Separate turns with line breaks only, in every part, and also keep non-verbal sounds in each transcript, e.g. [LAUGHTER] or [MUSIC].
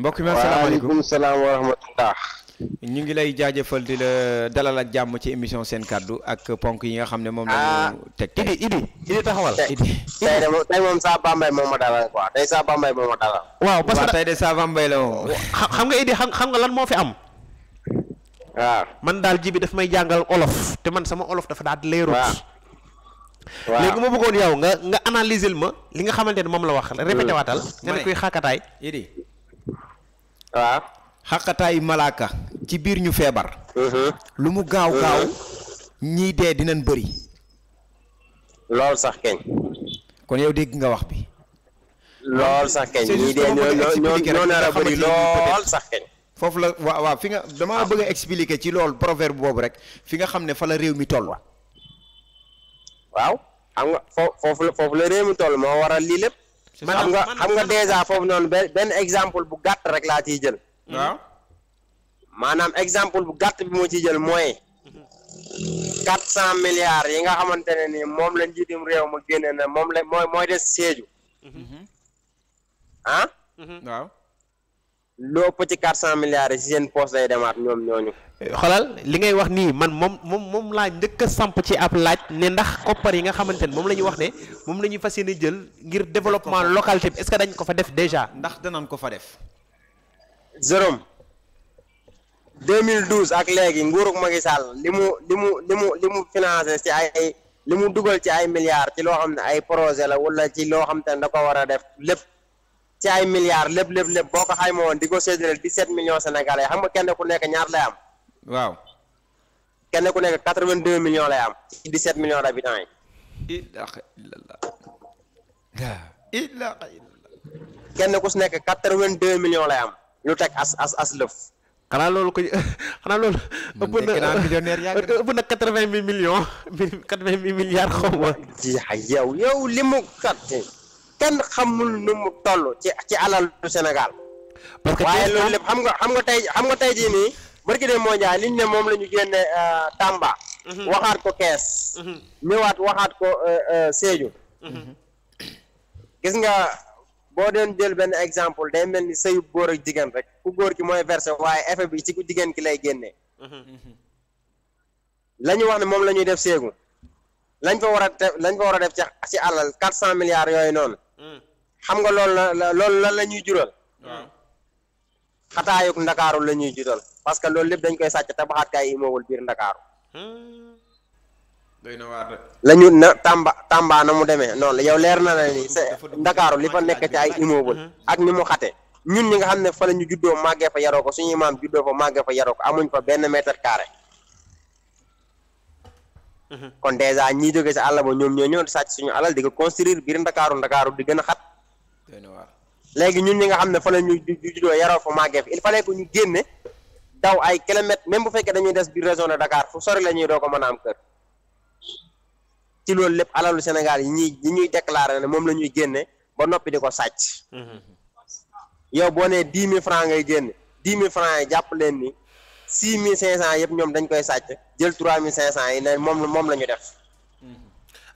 mbokk mi asalaamaaleykum salaam wa ñu ngi
lay jaajëfal di la dalal ak jàmm ci émission seen kàddu ak ponk yi nga xam ne moom la ah, taxawal idi tey ma dalal quoi tey saa waaw
parce que tey de saa bambay la xam nga idi xam nga lan moo fi am ah. man daal ji bi daf may jàngal olof te man sama olof dafa daal leerut waaw léegi ma bëggoon yow nga nga analyser ma li nga xamante ne moom la wax hmm. répété waatal hmm. nga ne koy
xaakataay waaw xaqataayu malaaka ci biir ñu feebar mm-hmm. lu mu gaaw gaaw mm-hmm. ñii dee dinañ bëri lool sax keñ kon yow dégg nga wax bi lool sax keñ ñii dee ñoo sax foofu la waa waa fi nga dama ah. bëgg a ci loolu proverbe boobu rek fi nga xam ne fa la réew mi toll waaw xam nga foofu la foofu la réew mi toll moo waral lii lépp xam nga xam nga dèjà foofu noonu benn exemple bu gàtt rek laa ciy jël. Mm-hmm. waaw maanaam exemple bu gàtt bi moo ci jël mooy. Mm-hmm. quatre cent milliards yi nga xamante ne ni moom la njiitum réew ma génne na moom la mooy mooy des seeju. Mm-hmm. ah. waaw. lu ëpp ci quatre cent milliards yi si seen poste lay demaat ñoom ñooñu. xolal
li ngay wax nii man moom moom laa njëkk samp ci ab laaj ne ndax koppar yi nga xamante ne moom la ñuy wax ne moom la ñuy fas yéene jël ngir développement localité bi est dañ ko fa def déjà.
ndax danañ ko fa def. Jérôme 2012 ak léegi nguurug Macky Sall li mu li mu li mu li mu financé ci ay li mu dugal ci ay milliards ci loo xam ne ay projet la wala ci loo xam te ne da ko war a def lépp. ci ay milliards lépp lépp lépp boo ko xayma woon di ko séddale 17 millions sénégalais xam nga kenn ku nekk ñaar lay am. waaw. kenn ku nekk 82 millions lay am. ci 17 millions d'habitants yi. kenn ku si nekk 82 millions lay am. lu teg as as as lëf. xanaa loolu ko xanaa loolu. ëpp na ëpp na quatre vingt mille millions quatre vingt mille milliards xaw li mu kat. Eh. kenn xamul nu mu toll ci ci alal du Sénégal. waaye loolu lépp xam nga xam nga tey xam nga tey jii nii. barki de moo jaay liñ ne moom la ñu génne euh, tàmba mhm. waxaat ko Kees. Mhm. ñëwaat waxaat ko euh, euh, Sédhiou. Mhm. gis nga boo doon jël benn exemple day mel ni sëyu góor ak jigéen rek ku góor ki mooy versé waaye effet bi ci ku jigéen ki lay génnee. la ñu wax ne moom la ñuy def séegu lañ fa war a te lañ fa war a def ci ci alal quatre cent milliards yooyu noonu. xam nga loolu la loolu lan la ñuy jural xataayuk ndakaaru la ñuy jural parce que loolu lépp dañ koy sàcc tabaxaat kaay immeuble biir ndakaaru doy na na tàmba tàmba na mu demee noonu yow leer na la ni ndakaaru li fa nekk caay ay immeuble ak ni mu xate ñun ñi nga xam ne fa la ñu juddoo màggee fa yaroo suñu suñuy maam juddoo fa màggee fa yaroo ko amuñ fa benn mètre carré Mhm. kon dèjà ñii jóge sa àll ba ñoom ñoo ñëw sàcc suñu alal di ko construire biir ndakaaru ndakaaru di gën a xat léegi ñun ñi nga xam ne fa la ñu juddoo yaroo fa màggee fi il fallait ñu génne daw ay kilomètres même bu fekkee dañuy des biir région de fu sori la ñuy doo ko mën a kër ci loolu lépp alalu Sénégal yi ñuy yi ñuy déclaré ne moom la ñuy génne ba noppi di ko sàcc mhm. yow boo nee dix mille francs ngay génne dix mille francs yi jàpp leen nii six mille cinq cent yëpp ñoom dañ koy sàcc jël trois mille cinq cent yi ne moom moom la ñu def.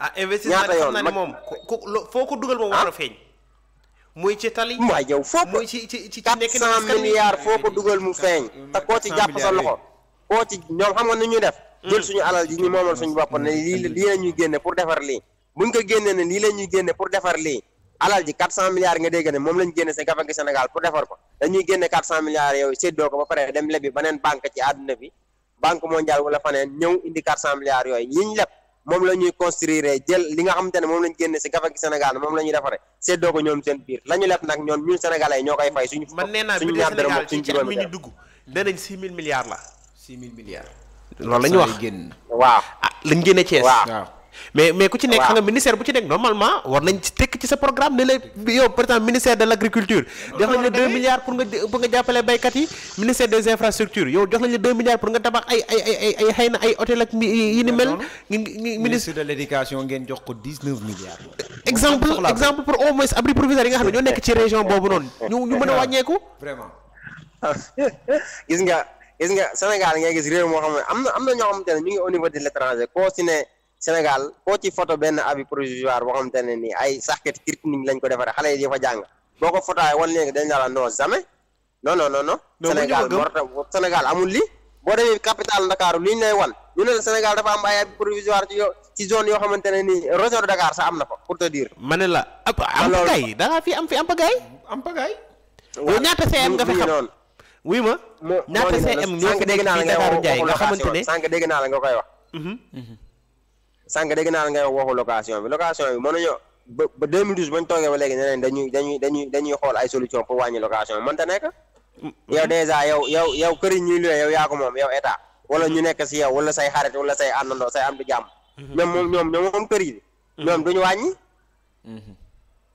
ah investissement bi xam na ne moom ku foo ko dugal moom war a ah. feeñ. muy ci tali. waaye yow
foo ko ci ci ci nekk na quatre cent foo ko dugal mu feeñ. te koo ci jàpp sa loxo. koo ci ñoom xam nga nu ñuy def. Hmm. jël suñu alal ji ñu moomal suñu bopp ne hmm. lii lii ñuy génne pour defar lii buñ ko génnee ne lii la ñuy génne pour defar lii. alal ji 400 milliards nga dégg ne moom lañ génne sa gafa gi Sénégal pour defar ko dañuy génne 400 milliards yow séddoo ko ba pare dem lebi beneen banque ci àdduna bi banque moom la ñuy construire jël li nga xamante ne moom lañ génne si gafa gi Sénégal moom la ñuy defaree ko ñoom seen biir la leb nag ñoom ñun sénégalais ñoo koy fay suñu. man nee naa bi Sénégal ci ceeb mi ñu
dugg nee nañ 6 loolu ñu wax waaw ah lañ génne Thiès. waaw mais mais ku ci nekk xam nga ministère bu ci nekk normalement war nañ tekk ci sa programme ne la yow par exemple ministère de l' agriculture jox lañ la 2 milliards pour nga tabax ay xëy na ay hôtel ak yi ni mel ministre de l' ngeen jox ko 19 milliards exemple pour au moins abri provisoire yi nga xam ne ñoo nekk ci région boobu noonu
ñu ñu mën a wàññeeku [LAUGHS] gis nga gis nga Sénégal ngay gis réew moo xam ne am na ñoo xamante ne ñu Sénégal koo ci photo benn abri provisoire boo xamante ne nii ay saxkat critique lañ ko defaree xale yi di fa jàng boo ko photoay wan léegi dañ la non jamais non non non non Sénégal moo Sénégal amul lii boo demee capitale Dakar li ñu lay wan ñu ne la Sénégal dafa am ay abri provisoire ci ci zone yoo xamante ne nii région de Dakar sax am na fa pour te dire
ma ne la am pagaay da
ngaa fi am fi am pagaay am pagaay yow ñaata CM nga fi xam oui ma ñaata CM ñoo fi dégg naa la nga xamante ne sànq dégg naa la nga koy wax mhm. Mhm. sànq dégg naa la ngay waxu location bi location bi mën nañoo ba ba 2012 toogee ba léegi ne leen dañuy dañuy dañuy dañuy xool ay solution pour wàññi location bi mënta nekk. Mm-hmm. yow dèjà yow yow yow kër yi ñuy luwee yow yaa ko moom yow état wala ñu nekk si yow wala say xarit wala say àndandoo say am du jàmm. Mm-hmm. ñoom moom ñoom ñoom moom kër yi. Mm-hmm. ñoom duñu wàññi.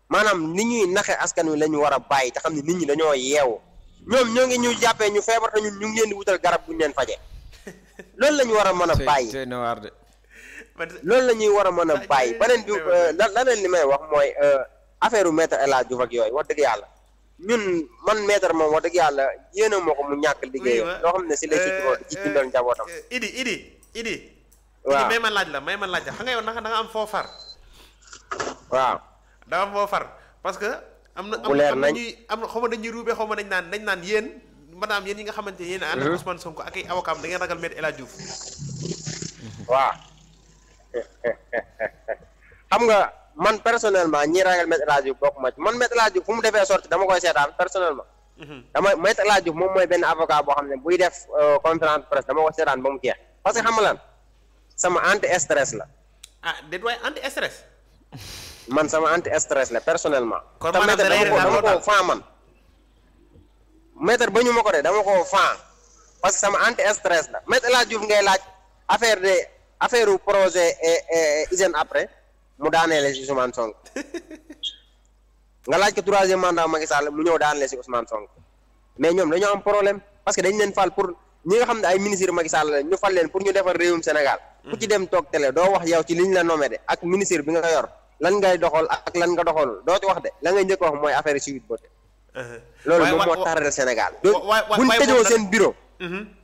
maanaam ni ñuy naxe askan wi la ñu war a bàyyi te xam ne nit ñi dañoo yeewu ñoom ñoo ngi ñu jàppee ñu feebar te ñu ngeen leen di wutal garab bu ñu leen faje [LAUGHS] loolu la ñu war a mën a loolu la ñuy war a mën a bàyyi beneen bi euh, la li may wax mooy euh, affaire u maître El Hadji Diouf ak yooyu wax dëgg yàlla ñun man maître moom wax dëgg yàlla yéena moo ko mu ñàkk liggéey loo xam ne si la euh, ci ci bindoon njabootam idi idi idi may ma
laaj la may man laaj la xam nga yow naka nga am foo far waaw da nga foo far parce que am na am na ñuy am na xaw ma dañuy ruubee xaw ma dañ naan dañ naan yéen maanaam yéen yi nga xamante ne yéen ànd ak mhm. Ousmane Sonko ak ay avocat da
ngeen ragal maître El Hadji Diouf
[LAUGHS]
xam nga man personnellement ñi ragal Maître El Hadji Diouf bokk ma ci man Maître El Hadji fu mu defee sorti dama koy seetaan personnellement. Mhm. dama Maître El Hadji Diouf mooy benn avocat boo xam ne buy def euh, conférence presse dama koy seetaan ba mu jeex parce que xam nga lan sama anti stress la. ah déet waay man sama anti stress la personnellement. kon maanaam dama ko dama ko faa man. maître ba ñu ma ko de dama ko faa parce que sama anti stress la Maître la Hadji Diouf ngay laaj affaire de. affaire u projet e, e, hygiène après mu daaneele si Ousmane Sonko [LAUGHS] nga laaj ko troisième mandat Macky Sall mu ñëw daaneele si Ousmane Sonko mais ñoom dañoo am problème parce que dañ leen fal pour ñi nga xam ne ay ministre ñu fal leen pour ñu defar réewum Sénégal ku ci dem toog télé doo wax yow ci liñ la nommé de ak ministre bi nga yor lan ngay doxal ak lan nga doxalul doo ci wax de la ngay njëkk wax mooy affaire Sweet Beauté loolu moom moo tardé Sénégal buñ tëjoo seen bureau mhm.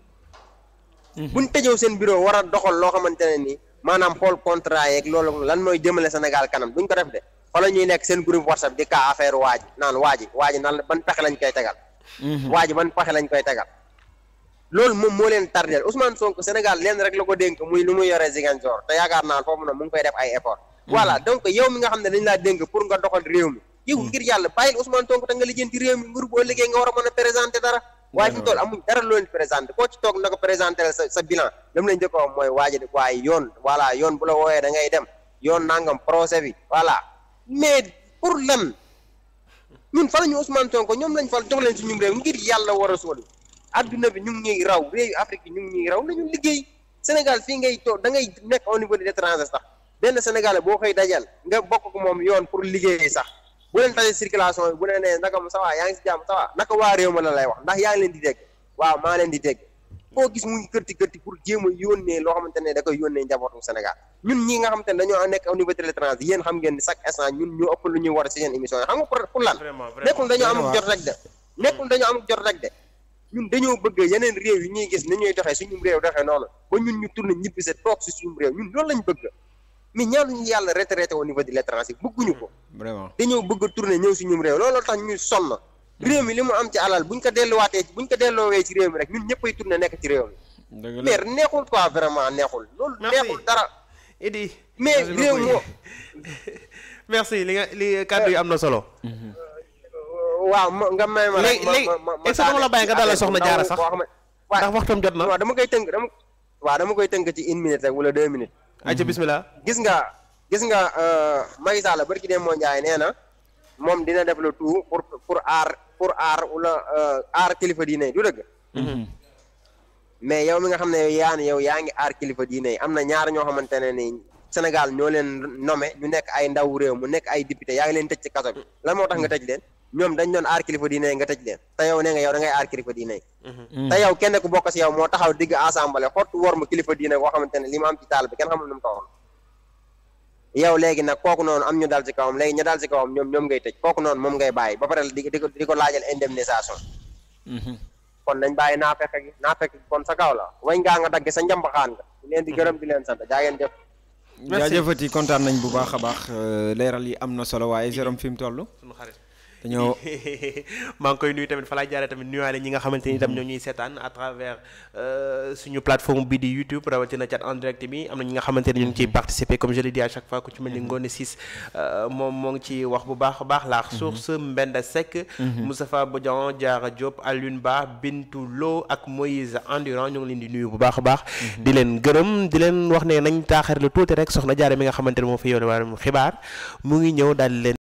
buñ tëjoo seen bureau war a doxal loo xamante ne nii maanaam xool contrat yeeg loolu lan mooy jëmale Sénégal kanam duñ ko def de xoolal ñuy nekk seen groupe WhatsApp di kaa affaire waaj naan waaji waaji nan ban pexe lañ koy tegal. Mhm. waaji ban pexe lañ koy tegal. loolu moom moo leen tardeel Ousmane Sonko Sénégal leen rek la ko dénk muy lu mu yore Ziguinchor te yaakaar naa foofu na mu ngi koy def ay effort. Mhm. voilà donc yow mi nga xam ne dañ laa dénk pour nga doxal réew mi. yow mhm. ngir yàlla bàyyil Ousmane Sonko te nga lijjanti réew mi nguur boo liggéey nga war a a présenter dara. waaye fi mu toll amuñ dara loo leen présenté koo ci toog na ko présenté sa sa bilan la mu leen njëkk a wax mooy waaja di waaye yoon voilà yoon bu la wooyee da ngay dem yoon nangam procès bi voilà mais pour lan ñun fa lañu Ousmane Sonko ñoom lañ fal jox leen suñu réew ngir yàlla war a sóolu adduna bi ñu ngi ñuy raw réew Afrique bi ñu ngi ñuy raw nañu liggéey Sénégal fii ngay toog da ngay nekk au niveau de l'étranger sax benn Sénégalais boo koy dajal nga bokk ko moom yoon pour liggéey sax bu leen tase circulation bi bu leen nee naka mu yaa ngi si jàmm ça va naka waa réew ma la lay wax ndax yaa leen di dégg waaw maa leen di dégg koo gis mu ngi kërti kërti pour jéem a yónnee loo xamante ne da koy yónnee njabootu Sénégal ñun ñi nga xamante ne dañoo xam te ni chaque instant ñun ñoo ëpp lu ñuy war si seen émission yi xam nga pour
pour lan nekkul dañoo am jot
rek de nekkul dañoo am jot rek de ñun dañoo bëgg yeneen réew yi ñuy gis ni ñuy si suñu réew doxee noonu ba ñun ñu tourné ñibbi se toog si suñu réew ñun loolu lañ bëgg mais ñaanuñu yàlla retraité au niveau de l'étranger bëgguñu ko. Mm, vraiment dañoo bëgg a tourner ñëw si ñum réew looloo tax ñu sonn. Mm. réew mi li mu am ci alal bu ko delluwaatee buñ ko delloo ci réew mi rek ñun ñëppay tourner nekk ci réew mi. dëgg la neexul vraiment neexul. loolu neexul dara. idi mais réew moo. [LAUGHS] merci li nga li yi am na solo. Euh, waaw nga may ma léegi léegi est-ce que dama la bàyyi nga dalal soxna jaara sax ndax waxtam jot na. waaw dama koy tënk dama waaw dama koy tënk ci une minute rek wala deux minutes. ayca mhm. bismillah gis nga gis nga euh, Macky Sall barki dem moo Ndiaye nee na moom dina def le tout pour pour aar pour aar wala euh, aar kilifa diine du dëgg. Mhm. mais yow mi nga xam ne yaa ni yow yaa ngi aar kilifa diine am na ñaar ñoo xamante ne ni Sénégal ñoo leen nommé ñu nekk ay ndaw réew mu nekk ay député yaa ngi leen tëj ci kaso la moo tax nga tëj leen. ñoom dañ doon aar kilifa diine nga tëj leen te yow nee nga yow da ngay aar kilifa diine mm-hmm. te yow kenn ku bokk si yow moo taxaw digg assemblée xott war ma kilifa diine koo xamante ne li mu am ci taal bi kenn xamul kooku noonu am ñu dal si kawam léegi ñu dal si kawam ñoom ñoom ngay tëj kooku noonu moom ngay bàyyi ba pare di ko di ko laajal indemnisation mm-hmm. kon nañ bàyyi naa fekk gi naa fekk gi kon sa kaw la wañ ngaa nga dagg sa njambaxaan nga di leen di mm-hmm. gërëm di leen sant jaa ngeen jëf kontaan nañ bu baax a baax euh, leeral yi am na solo waaye Jérôme fi mu toll dañoo [LAUGHS]
maa ngi koy nuyu tamit fa laay jaaree tamit nuyuwaale ñi nga xamante ni tam mm-hmm. ñoo ñuy seetaan à travers euh, suñu plateforme bi di YouTube rawatina chat en direct bi am na ñi nga xamante ni ñu ngi ciy mm-hmm. participer comme je l'ai dit à ci mm-hmm. euh, moom moo ngi ci wax bu baax a baax la source Mbenda Seck Moustapha Bodian Diarra Diop Alioune Ba bintu Lo ak Moïse Endurant ñoo ngi leen di nuyu bu baax a baax di leen gërëm di leen wax ne nañ taaxar lu tuuti rek soxna jaare mi nga xamante ne moo fi yoone wàllum xibaar mu ngi ñëw daal leen